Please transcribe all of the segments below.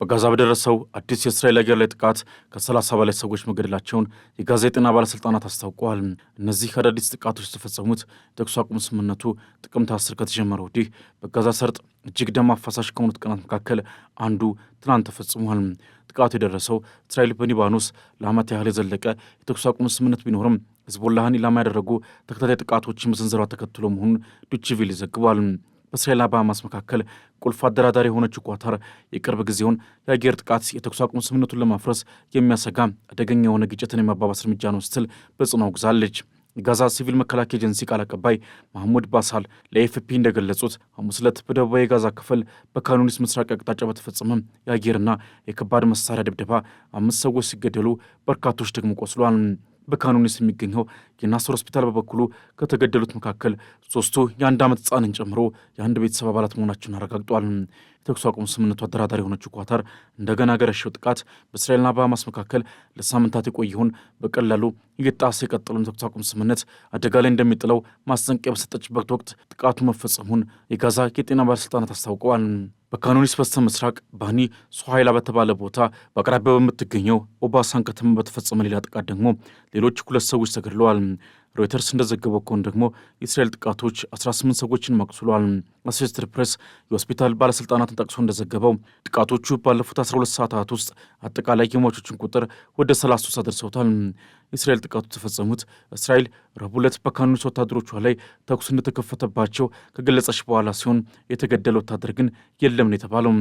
በጋዛ በደረሰው አዲስ የእስራኤል አየር ላይ ጥቃት ከ30 በላይ ሰዎች መገደላቸውን የጋዛ የጤና ባለሥልጣናት አስታውቀዋል። እነዚህ አዳዲስ ጥቃቶች የተፈጸሙት የተኩስ አቁም ስምምነቱ ጥቅምት 10 ከተጀመረ ወዲህ በጋዛ ሰርጥ እጅግ ደም አፋሳሽ ከሆኑት ቀናት መካከል አንዱ ትናንት ተፈጽሟል። ጥቃቱ የደረሰው እስራኤል በሊባኖስ ለዓመት ያህል የዘለቀ የተኩስ አቁም ስምምነት ቢኖርም ህዝቦላህን ኢላማ ያደረጉ ተከታታይ ጥቃቶችን መሰንዘሯ ተከትሎ መሆኑን ዱችቪል ይዘግባል። በእስራኤልና በሐማስ መካከል ቁልፍ አደራዳሪ የሆነችው ኳታር የቅርብ ጊዜውን የአየር ጥቃት የተኩስ አቁም ስምምነቱን ለማፍረስ የሚያሰጋ አደገኛ የሆነ ግጭትን የማባባስ እርምጃ ነው ስትል በጽኑ አውግዛለች። የጋዛ ሲቪል መከላከያ ኤጀንሲ ቃል አቀባይ ማህሙድ ባሳል ለኤፍፒ እንደገለጹት ሐሙስ ዕለት በደቡባዊ የጋዛ ክፍል በካኑኒስ ምስራቅ አቅጣጫ በተፈጸመ የአየርና የከባድ መሳሪያ ድብደባ አምስት ሰዎች ሲገደሉ በርካቶች ደግሞ ቆስሏል። በካኑኒስ የሚገኘው የናስር ሆስፒታል በበኩሉ ከተገደሉት መካከል ሶስቱ የአንድ ዓመት ህፃንን ጨምሮ የአንድ ቤተሰብ አባላት መሆናቸውን አረጋግጧል። የተኩስ አቁም ስምምነቱ አደራዳሪ የሆነችው ኳታር እንደገና ገረሸው ጥቃት በእስራኤልና በሐማስ መካከል ለሳምንታት የቆየውን በቀላሉ እየጣሰ የቀጠለውን የተኩስ አቁም ስምምነት አደጋ ላይ እንደሚጥለው ማስጠንቀቂያ በሰጠችበት ወቅት ጥቃቱ መፈጸሙን የጋዛ የጤና ባለሥልጣናት አስታውቀዋል። በካኖኒስ በስተ ምስራቅ ባኒ ሶሃይላ በተባለ ቦታ በአቅራቢያ በምትገኘው ኦባሳን ከተማ በተፈጸመ ሌላ ጥቃት ደግሞ ሌሎች ሁለት ሰዎች ተገድለዋል። ሮይተርስ እንደዘገበው ከሆነ ደግሞ የእስራኤል ጥቃቶች 18 ሰዎችን ማቁስሏል። አሶሼትድ ፕሬስ የሆስፒታል ባለሥልጣናትን ጠቅሶ እንደዘገበው ጥቃቶቹ ባለፉት 12 ሰዓታት ውስጥ አጠቃላይ የሟቾችን ቁጥር ወደ 33 አድርሰውታል። የእስራኤል ጥቃቱ የተፈጸሙት እስራኤል ረቡዕ ዕለት በካኑስ ወታደሮቿ ላይ ተኩስ እንደተከፈተባቸው ከገለጸች በኋላ ሲሆን የተገደለ ወታደር ግን የለም ነው የተባለው።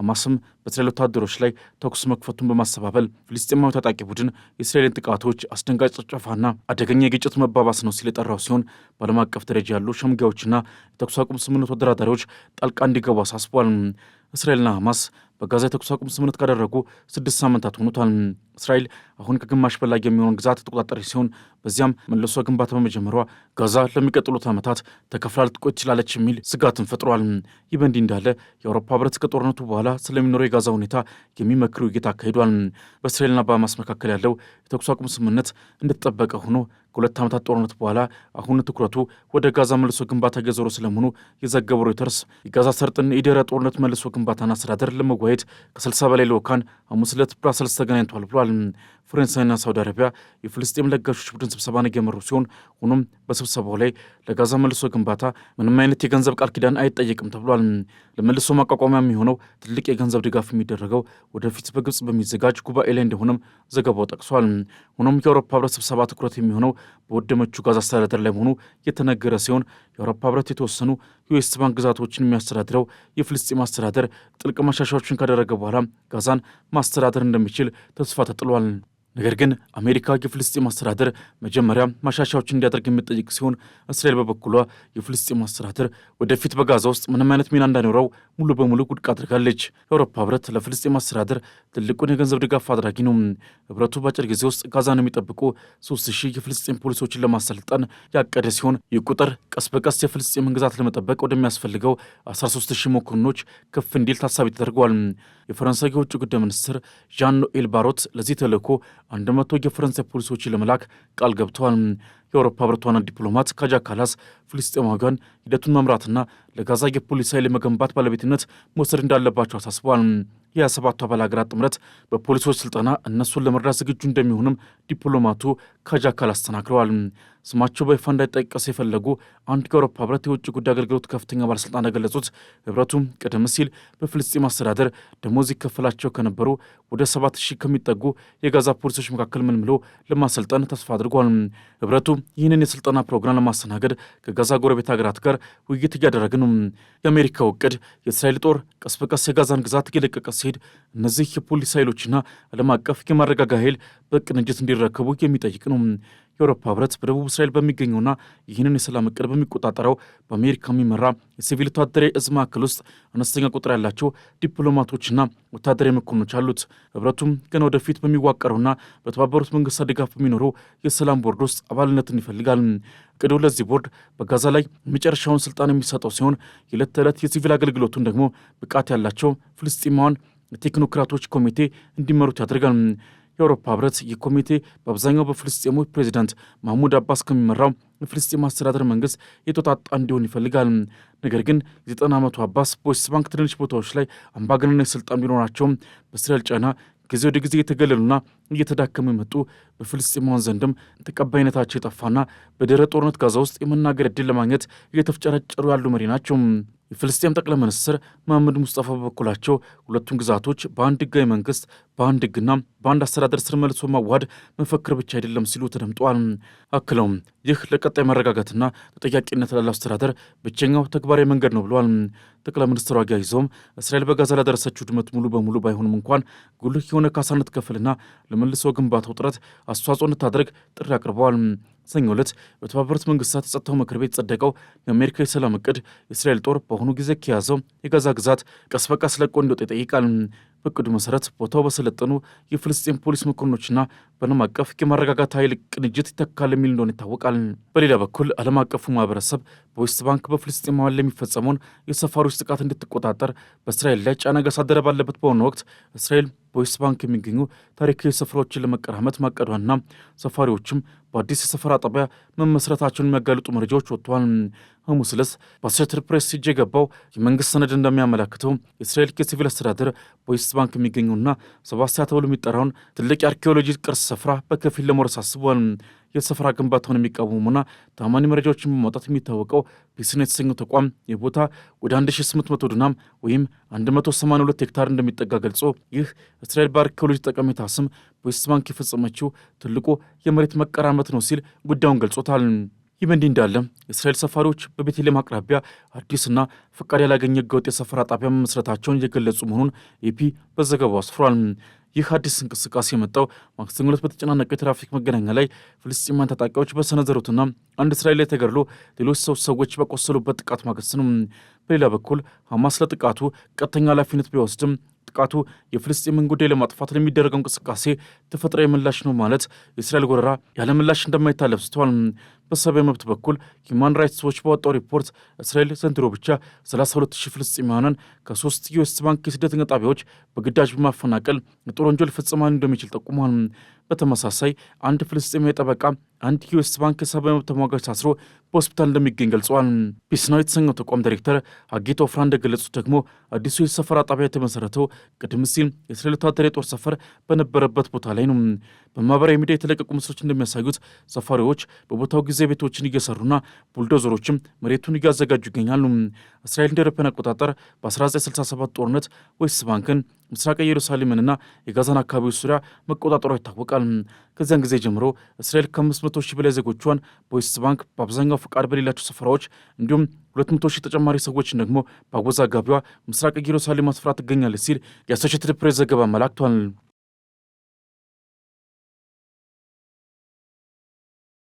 ሐማስም በእስራኤል ወታደሮች ላይ ተኩስ መክፈቱን በማስተባበል ፍልስጤማዊ ታጣቂ ቡድን የእስራኤልን ጥቃቶች አስደንጋጭ ጭፍጨፋና አደገኛ የግጭት መባባስ ነው ሲል የጠራው ሲሆን በዓለም አቀፍ ደረጃ ያሉ ሸምጋዮችና የተኩስ አቁም ስምምነት አደራዳሪዎች ጣልቃ እንዲገቡ አሳስቧል። እስራኤልና ሐማስ በጋዛ የተኩስ አቁም ስምምነት ካደረጉ ስድስት ሳምንታት ሆኖታል። እስራኤል አሁን ከግማሽ በላይ የሚሆን ግዛት የተቆጣጠረች ሲሆን በዚያም መልሶ ግንባታ በመጀመሯ ጋዛ ለሚቀጥሉት ዓመታት ተከፍላ ልትቆይ ትችላለች የሚል ስጋትን ፈጥሯል። ይህ በእንዲህ እንዳለ የአውሮፓ ህብረት ከጦርነቱ በኋላ ስለሚኖረው የጋዛ ሁኔታ የሚመክር ውይይት አካሂዷል። በእስራኤልና በሐማስ መካከል ያለው የተኩስ አቁም ስምምነት እንደተጠበቀ ሆኖ ከሁለት ዓመታት ጦርነት በኋላ አሁን ትኩረቱ ወደ ጋዛ መልሶ ግንባታ ገዘሮ ስለመሆኑ የዘገበው ሮይተርስ የጋዛ ሰርጥን የደረ ጦርነት መልሶ ግንባታና አስተዳደር ለመወያየት ኩዌት ከ60 በላይ ልዑካን ሐሙስ ዕለት ብራሰልስ ተገናኝቷል ብሏል። ፈረንሳይና ሳውዲ አረቢያ የፍልስጤም ለጋሾች ቡድን ስብሰባን እየመሩ ሲሆን ሆኖም በስብሰባው ላይ ለጋዛ መልሶ ግንባታ ምንም አይነት የገንዘብ ቃል ኪዳን አይጠየቅም ተብሏል። ለመልሶ ማቋቋሚያ የሚሆነው ትልቅ የገንዘብ ድጋፍ የሚደረገው ወደፊት በግብፅ በሚዘጋጅ ጉባኤ ላይ እንደሆነም ዘገባው ጠቅሷል። ሆኖም የአውሮፓ ህብረት ስብሰባ ትኩረት የሚሆነው በወደመችው ጋዛ አስተዳደር ላይ መሆኑ የተነገረ ሲሆን የአውሮፓ ህብረት የተወሰኑ የዌስት ባንክ ግዛቶችን የሚያስተዳድረው የፍልስጤም አስተዳደር ጥልቅ መሻሻዎችን ካደረገ በኋላ ጋዛን ማስተዳደር እንደሚችል ተስፋ ተጥሏል። ነገር ግን አሜሪካ የፍልስጤም አስተዳደር መጀመሪያ ማሻሻዎችን እንዲያደርግ የሚጠይቅ ሲሆን እስራኤል በበኩሏ የፍልስጤም አስተዳደር ወደፊት በጋዛ ውስጥ ምንም አይነት ሚና እንዳይኖረው ሙሉ በሙሉ ውድቅ አድርጋለች። የአውሮፓ ህብረት ለፍልስጤም አስተዳደር ትልቁን የገንዘብ ድጋፍ አድራጊ ነው። ህብረቱ በአጭር ጊዜ ውስጥ ጋዛን የሚጠብቁ ሶስት ሺህ የፍልስጤም ፖሊሶችን ለማሰልጠን ያቀደ ሲሆን ይህ ቁጥር ቀስ በቀስ የፍልስጤምን ግዛት ለመጠበቅ ወደሚያስፈልገው 13 ሺህ መኮንኖች ከፍ እንዲል ታሳቢ ተደርጓል። የፈረንሳይ የውጭ ጉዳይ ሚኒስትር ዣን ኖኤል ባሮት ለዚህ ተልእኮ አንድ መቶ የፈረንሳይ ፖሊሶች ለመላክ ቃል ገብተዋል። የአውሮፓ ህብረት ዋና ዲፕሎማት ካጃ ካላስ ፍልስጤማውያን ሂደቱን መምራትና ለጋዛ የፖሊስ ኃይል የመገንባት ባለቤትነት መውሰድ እንዳለባቸው አሳስቧል። የሰባቱ አባል ሀገራት ጥምረት በፖሊሶች ስልጠና እነሱን ለመርዳት ዝግጁ እንደሚሆንም ዲፕሎማቱ ካጃ ካላስ ተናግረዋል። ስማቸው በይፋ እንዳይጠቀስ የፈለጉ አንድ የአውሮፓ ህብረት የውጭ ጉዳይ አገልግሎት ከፍተኛ ባለስልጣን የገለጹት ህብረቱ ቀደም ሲል በፍልስጤም አስተዳደር ደሞዝ ይከፈላቸው ከነበሩ ወደ ሰባት ሺህ ከሚጠጉ የጋዛ ፖሊሶች መካከል መልምሎ ለማሰልጠን ተስፋ አድርጓል። ህብረቱ ይህንን የስልጠና ፕሮግራም ለማስተናገድ ከጋዛ ጎረቤት ሀገራት ጋር ውይይት እያደረግ ነው። የአሜሪካው እቅድ የእስራኤል ጦር ቀስ በቀስ የጋዛን ግዛት እየለቀቀ ሲሄድ እነዚህ የፖሊስ ኃይሎችና ዓለም አቀፍ የማረጋጋ ኃይል በቅንጅት እንዲረከቡ የሚጠይቅ ነው። የአውሮፓ ህብረት በደቡብ እስራኤል በሚገኘውና ይህንን የሰላም እቅድ በሚቆጣጠረው በአሜሪካ የሚመራ የሲቪል ወታደራዊ እዝ ማዕከል ውስጥ አነስተኛ ቁጥር ያላቸው ዲፕሎማቶችና ወታደራዊ መኮንኖች አሉት። ህብረቱም ገና ወደፊት በሚዋቀረውና በተባበሩት መንግስታት ድጋፍ በሚኖረው የሰላም ቦርድ ውስጥ አባልነትን ይፈልጋል። እቅዱ ለዚህ ቦርድ በጋዛ ላይ የመጨረሻውን ስልጣን የሚሰጠው ሲሆን የዕለት ተዕለት የሲቪል አገልግሎቱን ደግሞ ብቃት ያላቸው ፍልስጤማውያን የቴክኖክራቶች ኮሚቴ እንዲመሩት ያደርጋል። የአውሮፓ ህብረት ይህ ኮሚቴ በአብዛኛው በፍልስጤሞች ፕሬዚዳንት ማህሙድ አባስ ከሚመራው የፍልስጤም አስተዳደር መንግስት የተወጣጣ እንዲሆን ይፈልጋል። ነገር ግን የዘጠና ዓመቱ አባስ በዌስት ባንክ ትንንሽ ቦታዎች ላይ አምባገነናዊ ስልጣን ቢኖራቸውም በእስራኤል ጫና ጊዜ ወደ ጊዜ እየተገለሉና እየተዳከሙ የመጡ በፍልስጤማውያን ዘንድም ተቀባይነታቸው የጠፋና በድህረ ጦርነት ጋዛ ውስጥ የመናገር እድል ለማግኘት እየተፍጨረጨሩ ያሉ መሪ ናቸው። የፍልስጤም ጠቅላይ ሚኒስትር መሐመድ ሙስጠፋ በበኩላቸው ሁለቱን ግዛቶች በአንድ ህጋዊ መንግስት በአንድ ህግና በአንድ አስተዳደር ስር መልሶ ማዋሃድ መፈክር ብቻ አይደለም ሲሉ ተደምጠዋል። አክለውም ይህ ለቀጣይ መረጋጋትና ተጠያቂነት ላለው አስተዳደር ብቸኛው ተግባራዊ መንገድ ነው ብለዋል። ጠቅላይ ሚኒስትሩ አያይዘውም እስራኤል በጋዛ ላደረሰችው ድመት ሙሉ በሙሉ ባይሆንም እንኳን ጉልህ የሆነ ካሳ እንድትከፍልና ለመልሶ ግንባታው ጥረት አስተዋጽኦ እንድታደርግ ጥሪ አቅርበዋል። ሰኞ ዕለት በተባበሩት መንግስታት የጸጥታው ምክር ቤት ጸደቀው የአሜሪካ የሰላም እቅድ የእስራኤል ጦር በአሁኑ ጊዜ ከያዘው የጋዛ ግዛት ቀስ በቀስ ለቆ እንዲወጣ ይጠይቃል። በእቅዱ መሰረት ቦታው በሰለጠኑ የፍልስጤን ፖሊስ መኮንኖችና በዓለም አቀፍ የማረጋጋት ኃይል ቅንጅት ይተካል የሚል እንደሆነ ይታወቃል። በሌላ በኩል ዓለም አቀፉ ማህበረሰብ በዌስት ባንክ በፍልስጤማውያን ለሚፈጸመውን የሰፋሪዎች ጥቃት እንድትቆጣጠር በእስራኤል ላይ ጫና እያሳደረ ባለበት በሆነ ወቅት እስራኤል በዌስት ባንክ የሚገኙ ታሪካዊ ስፍራዎችን ለመቀራመት ማቀዷና ሰፋሪዎችም በአዲስ የሰፈራ ጣቢያ መመስረታቸውን የሚያጋልጡ መረጃዎች ወጥተዋል። ሐሙስ ዕለት በአሶሼትድ ፕሬስ እጅ የገባው የመንግስት ሰነድ እንደሚያመላክተው የእስራኤል የሲቪል አስተዳደር በዌስት ባንክ የሚገኘውና ሰባስቲያ ተብሎ የሚጠራውን ትልቅ የአርኪኦሎጂ ቅርስ ስፍራ በከፊል ለመውረስ አስቧል። የስፍራ ግንባታውን የሚቃወሙና ታማኒ መረጃዎችን በማውጣት የሚታወቀው ፒስን የተሰኘው ተቋም የቦታ ወደ 1800 ዱናም ወይም 182 ሄክታር እንደሚጠጋ ገልጾ ይህ እስራኤል በአርኪኦሎጂ ጠቀሜታ ስም በዌስት ባንክ የፈጸመችው ትልቁ የመሬት መቀራመት ነው ሲል ጉዳዩን ገልጾታል። ይህ በእንዲህ እንዳለ የእስራኤል ሰፋሪዎች በቤተልሔም አቅራቢያ አዲስና ፈቃድ ያላገኘ ህገወጥ የሰፈራ ጣቢያ መመስረታቸውን እየገለጹ መሆኑን ኤፒ በዘገባው አስፍሯል። ይህ አዲስ እንቅስቃሴ የመጣው ማክሰኞ ዕለት በተጨናነቀው የትራፊክ መገናኛ ላይ ፍልስጤማን ታጣቂዎች በሰነዘሩትና አንድ ላይ ተገድሎ ሌሎች ሰው ሰዎች በቆሰሉበት ጥቃት ማግስት ነው። በሌላ በኩል ሐማስ ለጥቃቱ ቀጥተኛ ኃላፊነት ቢወስድም ጥቃቱ የፍልስጤምን ጉዳይ ለማጥፋት ለሚደረገው እንቅስቃሴ ተፈጥሯዊ ምላሽ ነው ማለት የእስራኤል ጎረራ ያለ ምላሽ እንደማይታለፍ ስተዋል። በሰብአዊ መብት በኩል ሂማን ራይትስ ዎች ባወጣው ሪፖርት እስራኤል ዘንድሮ ብቻ 32000 ፍልስጤማውያንን ከሶስት ዩኤስ ባንክ የስደተኛ ጣቢያዎች በግዳጅ በማፈናቀል የጦር ወንጀል ፈጽማን እንደሚችል ጠቁሟል። በተመሳሳይ አንድ ፍልስጤማዊ ጠበቃ አንድ ዩኤስ ባንክ የሰብአዊ መብት ተሟጋች ታስሮ በሆስፒታል እንደሚገኝ ገልጿል። ፒስ የተሰኘው ተቋም ዳይሬክተር አጌቶ ወፍራ እንደገለጹት ደግሞ አዲሱ የሰፈራ ጣቢያ የተመሰረተው ቅድም ሲል የእስራኤል ወታደር የጦር ሰፈር በነበረበት ቦታ ላይ ነው። በማህበራዊ ሚዲያ የተለቀቁ ምስሎች እንደሚያሳዩት ሰፋሪዎች በቦታው ጊዜ ቤቶችን እየሰሩና ቡልዶዘሮችም መሬቱን እያዘጋጁ ይገኛሉ። እስራኤል እንደ አውሮፓውያን አቆጣጠር በ1967 ጦርነት ዌስት ባንክን ምስራቅ ኢየሩሳሌምንና የጋዛን አካባቢዎች ዙሪያ መቆጣጠሯ ይታወቃል። ከዚያን ጊዜ ጀምሮ እስራኤል ከ500 ሺህ በላይ ዜጎቿን በዌስት ባንክ በአብዛኛው ፈቃድ በሌላቸው ስፍራዎች እንዲሁም 200 ሺህ ተጨማሪ ሰዎችን ደግሞ በአወዛጋቢዋ ምስራቅ ኢየሩሳሌም አስፍራ ትገኛለች ሲል የአሶሼትድ ፕሬስ ዘገባ አመላክቷል።